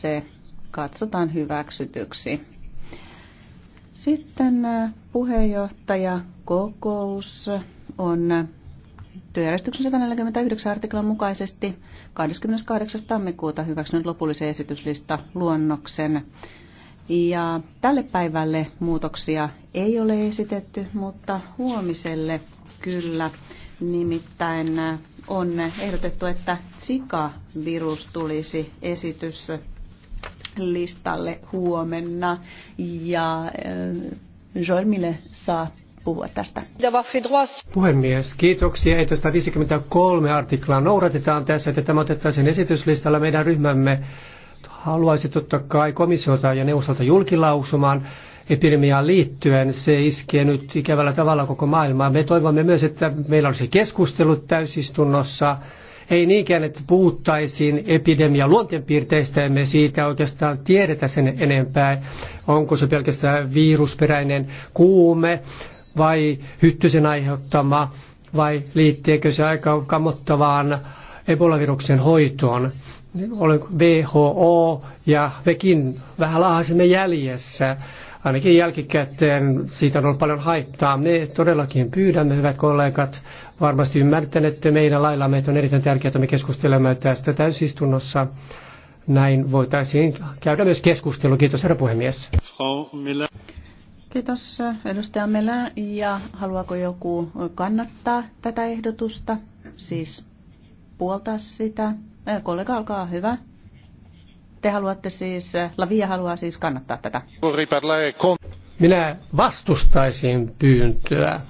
se katsotaan hyväksytyksi. Sitten puheenjohtajakokous on työjärjestyksen 149 artiklan mukaisesti 28. tammikuuta hyväksynyt lopullisen esityslista luonnoksen. Ja tälle päivälle muutoksia ei ole esitetty, mutta huomiselle kyllä. Nimittäin on ehdotettu, että sikavirus virus tulisi esitys listalle huomenna ja eh, Jormille saa puhua tästä. Puhemies, kiitoksia. Ei 53 artiklaa noudatetaan tässä, että tämä otettaisiin esityslistalla. Meidän ryhmämme haluaisi totta kai komissiota ja neuvostolta julkilausumaan epidemiaan liittyen. Se iskee nyt ikävällä tavalla koko maailmaa. Me toivomme myös, että meillä olisi keskustelut täysistunnossa ei niinkään, että puhuttaisiin epidemia luonteenpiirteistä, emme siitä oikeastaan tiedetä sen enempää, onko se pelkästään virusperäinen kuume vai hyttysen aiheuttama vai liittyykö se aika kamottavaan ebolaviruksen hoitoon. Olen WHO ja vekin vähän laahasimme jäljessä ainakin jälkikäteen siitä on ollut paljon haittaa. Me todellakin pyydämme, hyvät kollegat, varmasti ymmärtänette meidän lailla meitä on erittäin tärkeää, että me keskustelemme tästä täysistunnossa. Näin voitaisiin käydä myös keskustelu. Kiitos, herra puhemies. Kiitos edustaja Melä. Ja haluaako joku kannattaa tätä ehdotusta, siis puoltaa sitä? Kollega, olkaa hyvä. Te haluatte siis, Lavia haluaa siis kannattaa tätä. Minä vastustaisin pyyntöä.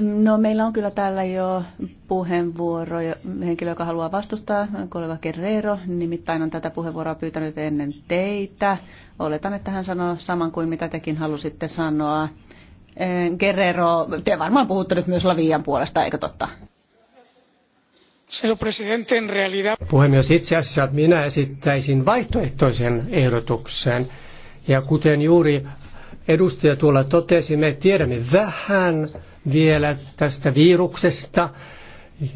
No meillä on kyllä täällä jo puheenvuoro, henkilö, joka haluaa vastustaa, kollega Guerrero, nimittäin on tätä puheenvuoroa pyytänyt ennen teitä. Oletan, että hän sanoo saman kuin mitä tekin halusitte sanoa. Eh, Guerrero, te varmaan puhutte nyt myös Lavian puolesta, eikö totta? Puhemies, itse asiassa minä esittäisin vaihtoehtoisen ehdotuksen. Ja kuten juuri edustaja tuolla totesi, me tiedämme vähän vielä tästä viruksesta,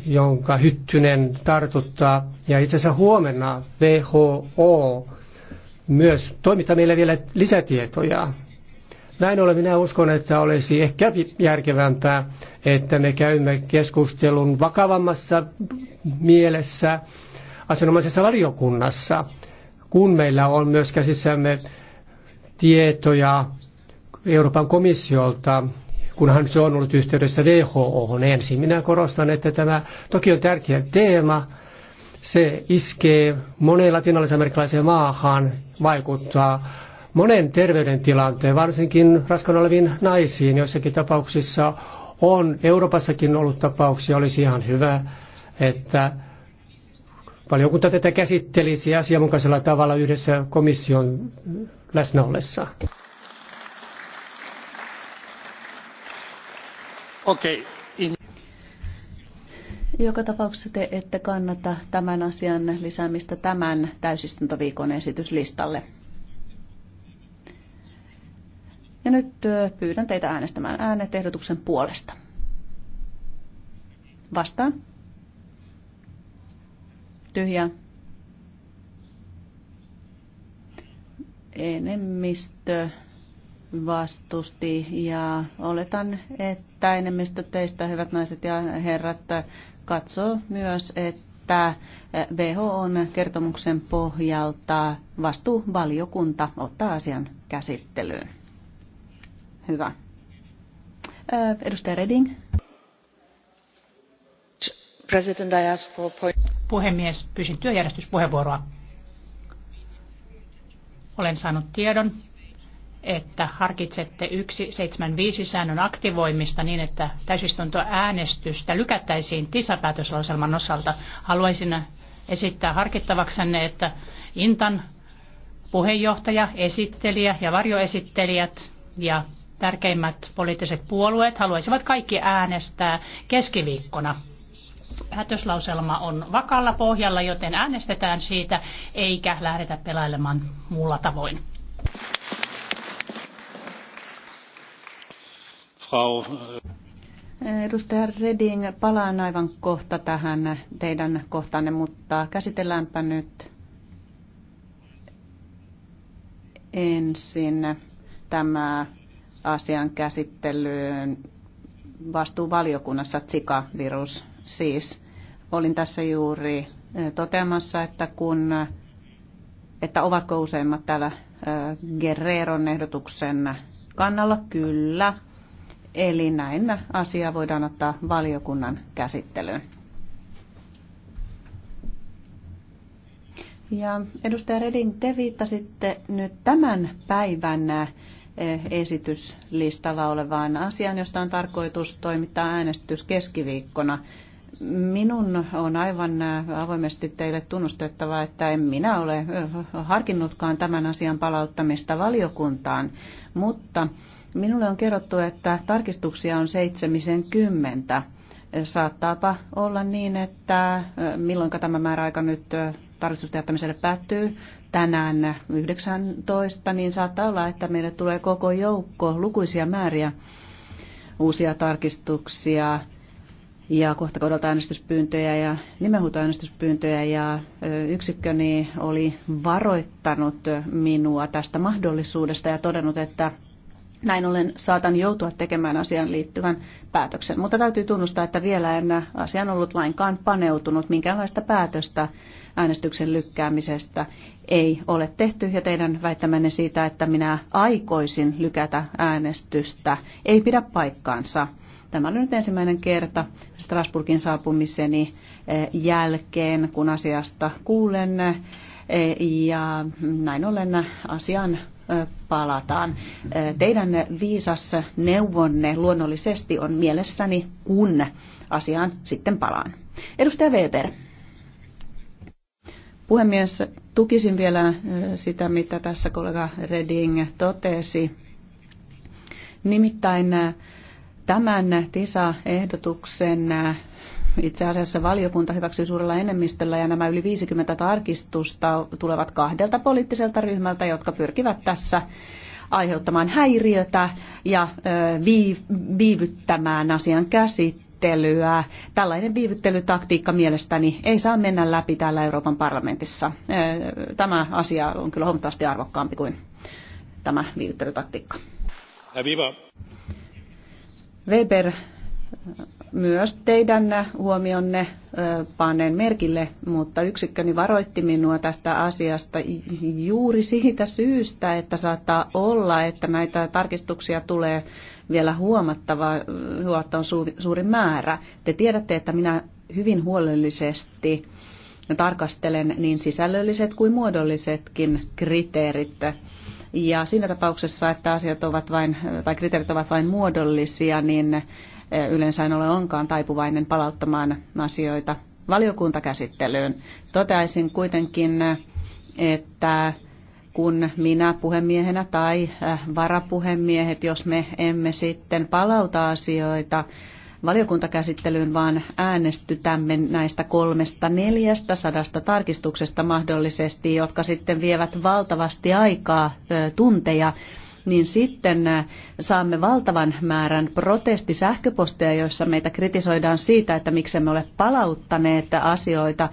jonka hyttynen tartuttaa. Ja itse asiassa huomenna WHO myös toimittaa meille vielä lisätietoja näin ollen minä uskon, että olisi ehkä järkevämpää, että me käymme keskustelun vakavammassa mielessä asianomaisessa valiokunnassa, kun meillä on myös käsissämme tietoja Euroopan komissiolta, kunhan se on ollut yhteydessä WHO ensin. Minä korostan, että tämä toki on tärkeä teema. Se iskee moneen latinalaisamerikkalaiseen maahan, vaikuttaa monen terveydentilanteen, varsinkin raskaana oleviin naisiin. Joissakin tapauksissa on Euroopassakin ollut tapauksia, olisi ihan hyvä, että valiokunta tätä käsittelisi asianmukaisella tavalla yhdessä komission läsnä ollessa. Okei. Okay. In... Joka tapauksessa te ette kannata tämän asian lisäämistä tämän täysistuntoviikon esityslistalle. Ja nyt pyydän teitä äänestämään äänet ehdotuksen puolesta. Vastaan. Tyhjä. Enemmistö vastusti ja oletan, että enemmistö teistä, hyvät naiset ja herrat, katsoo myös, että WHO on kertomuksen pohjalta vastuuvaliokunta ottaa asian käsittelyyn. Hyvä. Äh, edustaja Reding. President, I ask for point. Puhemies, pyysin työjärjestyspuheenvuoroa. Olen saanut tiedon, että harkitsette 175 säännön aktivoimista niin, että täysistuntoäänestystä lykättäisiin TISA-päätöslauselman osalta. Haluaisin esittää harkittavaksenne, että Intan puheenjohtaja, esittelijä ja varjoesittelijät ja tärkeimmät poliittiset puolueet haluaisivat kaikki äänestää keskiviikkona. Päätöslauselma on vakalla pohjalla, joten äänestetään siitä eikä lähdetä pelailemaan muulla tavoin. Frau... Äh, Edustaja Reding, palaan aivan kohta tähän teidän kohtanne, mutta käsitelläänpä nyt ensin tämä asian käsittelyyn vastuuvaliokunnassa, Zika-virus siis. Olin tässä juuri toteamassa, että, kun, että ovatko useimmat täällä Guerreron ehdotuksen kannalla? Kyllä. Eli näin asia voidaan ottaa valiokunnan käsittelyyn. Ja edustaja Redin, te viittasitte nyt tämän päivän esityslistalla olevaan asiaan, josta on tarkoitus toimittaa äänestys keskiviikkona. Minun on aivan äh, avoimesti teille tunnustettava, että en minä ole äh, harkinnutkaan tämän asian palauttamista valiokuntaan, mutta minulle on kerrottu, että tarkistuksia on 70. Saattaapa olla niin, että äh, milloinka tämä määräaika nyt tarkistustehtämiselle päättyy tänään 19, niin saattaa olla, että meille tulee koko joukko lukuisia määriä uusia tarkistuksia ja kohta kohdalta äänestyspyyntöjä ja nimenhuutoäänestyspyyntöjä ja yksikköni oli varoittanut minua tästä mahdollisuudesta ja todennut, että näin ollen saatan joutua tekemään asian liittyvän päätöksen, mutta täytyy tunnustaa, että vielä en on ollut lainkaan paneutunut. Minkäänlaista päätöstä äänestyksen lykkäämisestä ei ole tehty ja teidän väittämänne siitä, että minä aikoisin lykätä äänestystä, ei pidä paikkaansa. Tämä on nyt ensimmäinen kerta Strasburgin saapumiseni eh, jälkeen, kun asiasta kuulen eh, ja näin ollen asian palataan. Teidän viisas neuvonne luonnollisesti on mielessäni, kun asiaan sitten palaan. Edustaja Weber. Puhemies, tukisin vielä sitä, mitä tässä kollega Reding totesi. Nimittäin tämän TISA-ehdotuksen itse asiassa valiokunta hyväksyi suurella enemmistöllä ja nämä yli 50 tarkistusta tulevat kahdelta poliittiselta ryhmältä, jotka pyrkivät tässä aiheuttamaan häiriötä ja viivyttämään asian käsittelyä. Tällainen viivyttelytaktiikka mielestäni ei saa mennä läpi täällä Euroopan parlamentissa. Tämä asia on kyllä huomattavasti arvokkaampi kuin tämä viivyttelytaktiikka. Weber myös teidän huomionne panen merkille, mutta yksikköni varoitti minua tästä asiasta juuri siitä syystä, että saattaa olla, että näitä tarkistuksia tulee vielä huomattava, huomattavan suuri määrä. Te tiedätte, että minä hyvin huolellisesti tarkastelen niin sisällölliset kuin muodollisetkin kriteerit. Ja siinä tapauksessa, että asiat ovat vain, tai kriteerit ovat vain muodollisia, niin yleensä en ole onkaan taipuvainen palauttamaan asioita valiokuntakäsittelyyn. Toteaisin kuitenkin, että kun minä puhemiehenä tai äh, varapuhemiehet, jos me emme sitten palauta asioita valiokuntakäsittelyyn, vaan äänestytämme näistä kolmesta neljästä sadasta tarkistuksesta mahdollisesti, jotka sitten vievät valtavasti aikaa, äh, tunteja, niin sitten äh, saamme valtavan määrän protestisähköposteja, joissa meitä kritisoidaan siitä, että miksemme ole palauttaneet asioita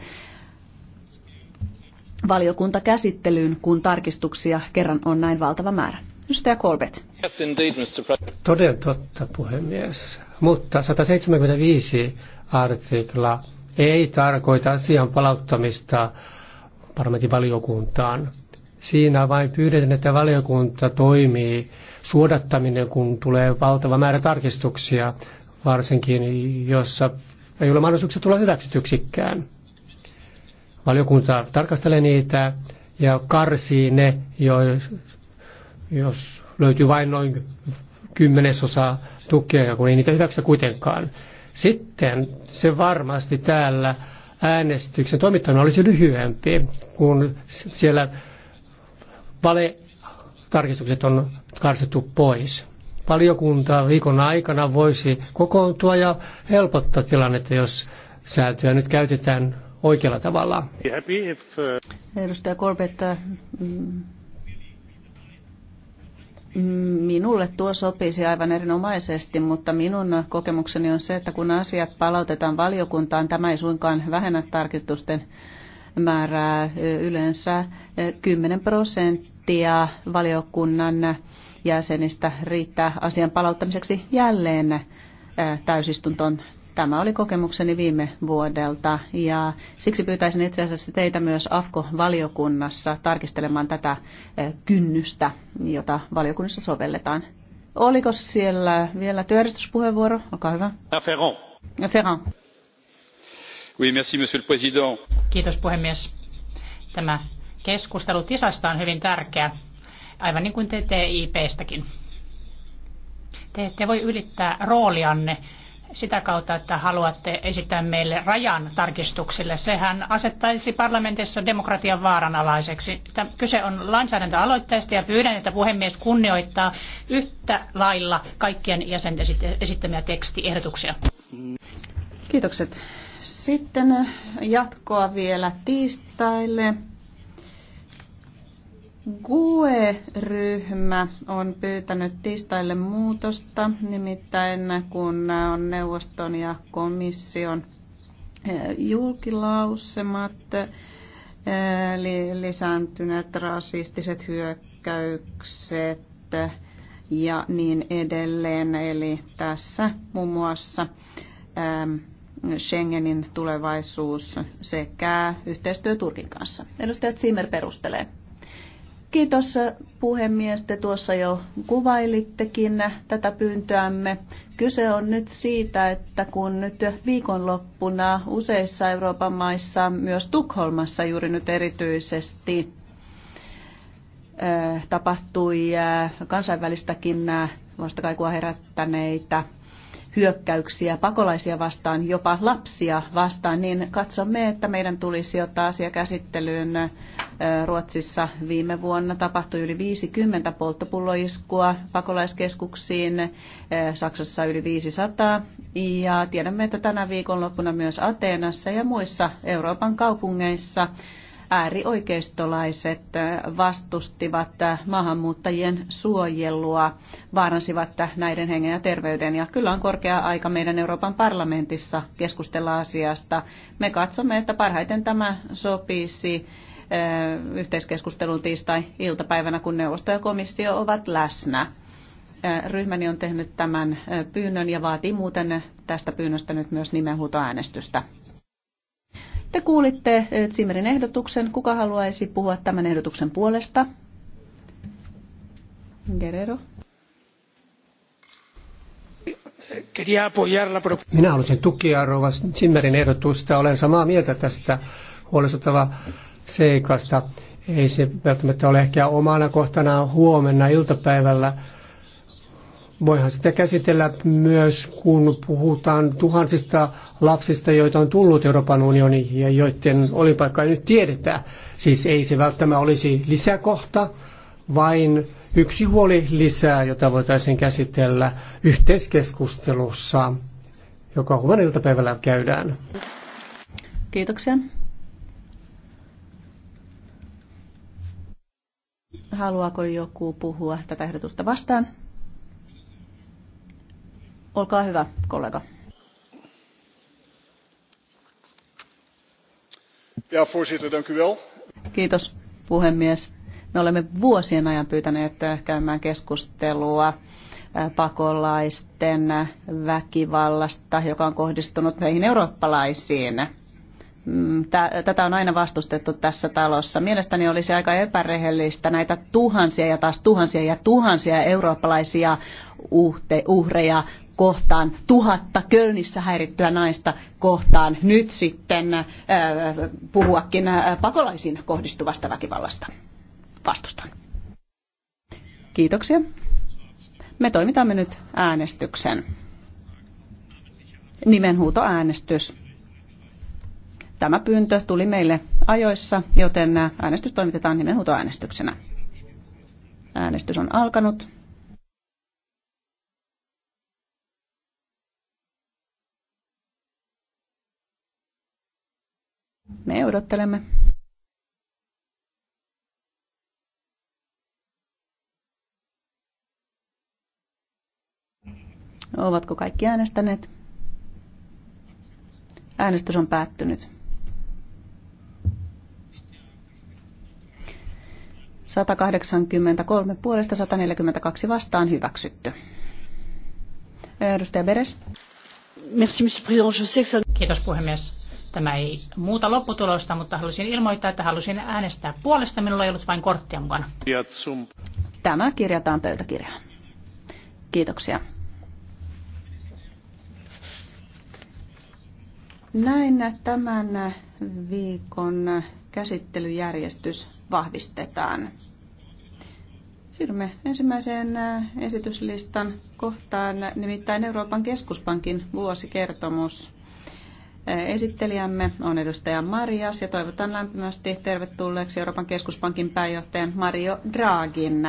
valiokuntakäsittelyyn, kun tarkistuksia kerran on näin valtava määrä. Edustaja Kolbet. Yes, indeed, Mr. Todella totta, puhemies. Mutta 175 artikla ei tarkoita asian palauttamista parlamentin valiokuntaan. Siinä vain pyydetään, että valiokunta toimii suodattaminen, kun tulee valtava määrä tarkistuksia, varsinkin jossa ei ole mahdollisuuksia tulla hyväksytyksikään. Valiokunta tarkastelee niitä ja karsii ne, jos löytyy vain noin kymmenesosa tukea, kun ei niitä hyväksytä kuitenkaan. Sitten se varmasti täällä äänestyksen toimittaminen olisi lyhyempi, kun siellä valetarkistukset on karsittu pois. Valiokunta viikon aikana voisi kokoontua ja helpottaa tilannetta, jos säätöä nyt käytetään oikealla tavalla. Uh, Edustaja Corbett, äh, mm, Minulle tuo sopisi aivan erinomaisesti, mutta minun kokemukseni on se, että kun asiat palautetaan valiokuntaan, tämä ei suinkaan vähennä tarkistusten määrää yleensä 10 prosenttia valiokunnan jäsenistä riittää asian palauttamiseksi jälleen täysistuntoon. Tämä oli kokemukseni viime vuodelta ja siksi pyytäisin itse asiassa teitä myös AFKO-valiokunnassa tarkistelemaan tätä kynnystä, jota valiokunnassa sovelletaan. Oliko siellä vielä työjärjestyspuheenvuoro? Olkaa hyvä. Ferrand. Oui, merci, monsieur le président Kiitos puhemies. Tämä keskustelu TISasta on hyvin tärkeä, aivan niin kuin TTIPstäkin. Te ette voi ylittää roolianne sitä kautta, että haluatte esittää meille rajan tarkistuksille. Sehän asettaisi parlamentissa demokratian vaaranalaiseksi. Kyse on lainsäädäntöaloitteesta ja pyydän, että puhemies kunnioittaa yhtä lailla kaikkien jäsenten esittämiä tekstiehdotuksia. Kiitokset. Sitten jatkoa vielä tiistaille. GUE-ryhmä on pyytänyt tiistaille muutosta, nimittäin kun on neuvoston ja komission eh, julkilausemat, eh, lisääntyneet rasistiset hyökkäykset eh, ja niin edelleen. Eli tässä muun muassa ehm, Schengenin tulevaisuus sekä yhteistyö Turkin kanssa. Edustaja Zimmer perustelee. Kiitos puhemies, te tuossa jo kuvailittekin tätä pyyntöämme. Kyse on nyt siitä, että kun nyt viikonloppuna useissa Euroopan maissa, myös Tukholmassa juuri nyt erityisesti, tapahtui kansainvälistäkin vastakaikua herättäneitä hyökkäyksiä pakolaisia vastaan, jopa lapsia vastaan, niin katsomme, että meidän tulisi ottaa asia käsittelyyn. Ruotsissa viime vuonna tapahtui yli 50 polttopulloiskua pakolaiskeskuksiin, Saksassa yli 500. Ja tiedämme, että tänä viikonloppuna myös Ateenassa ja muissa Euroopan kaupungeissa äärioikeistolaiset vastustivat maahanmuuttajien suojelua, vaaransivat näiden hengen ja terveyden. Ja kyllä on korkea aika meidän Euroopan parlamentissa keskustella asiasta. Me katsomme, että parhaiten tämä sopisi yhteiskeskustelun tiistai-iltapäivänä, kun neuvosto ja komissio ovat läsnä. Ryhmäni on tehnyt tämän pyynnön ja vaatii muuten tästä pyynnöstä nyt myös nimenhuutoäänestystä. Te kuulitte eh, Zimmerin ehdotuksen. Kuka haluaisi puhua tämän ehdotuksen puolesta? Guerrero. Minä haluaisin tukea Rova Zimmerin ehdotusta. Olen samaa mieltä tästä huolestuttavaa seikasta. Ei se välttämättä ole ehkä omana kohtana huomenna iltapäivällä, Voihan sitä käsitellä myös, kun puhutaan tuhansista lapsista, joita on tullut Euroopan unioniin ja joiden olipaikka ei nyt tiedetä. Siis ei se välttämättä olisi lisäkohta, vain yksi huoli lisää, jota voitaisiin käsitellä yhteiskeskustelussa, joka huomenna iltapäivällä käydään. Kiitoksia. Haluaako joku puhua tätä ehdotusta vastaan? Olkaa hyvä, kollega. Ja, voorzitter, dank u wel. Kiitos, puhemies. Me olemme vuosien ajan pyytäneet äh, käymään keskustelua äh, pakolaisten äh, väkivallasta, joka on kohdistunut meihin eurooppalaisiin. Mm, tätä on aina vastustettu tässä talossa. Mielestäni olisi aika epärehellistä näitä tuhansia ja taas tuhansia ja tuhansia eurooppalaisia uhte, uhreja kohtaan, tuhatta Kölnissä häirittyä naista kohtaan, nyt sitten äh, puhuakin äh, pakolaisiin kohdistuvasta väkivallasta. Vastustan. Kiitoksia. Me toimitamme nyt äänestyksen. Nimenhuutoäänestys. Tämä pyyntö tuli meille ajoissa, joten äänestys toimitetaan nimenhuutoäänestyksenä. Äänestys on alkanut. odottelemme. Ovatko kaikki äänestäneet? Äänestys on päättynyt. 183 puolesta 142 vastaan hyväksytty. Edustaja Beres. Kiitos puhemies Tämä ei muuta lopputulosta, mutta halusin ilmoittaa, että halusin äänestää puolesta. Minulla ei ollut vain korttia mukana. Tämä kirjataan pöytäkirjaan. Kiitoksia. Näin tämän viikon käsittelyjärjestys vahvistetaan. Siirrymme ensimmäiseen esityslistan kohtaan, nimittäin Euroopan keskuspankin vuosikertomus. Esittelijämme on edustaja Marias ja toivotan lämpimästi tervetulleeksi Euroopan keskuspankin pääjohtajan Mario Draghin.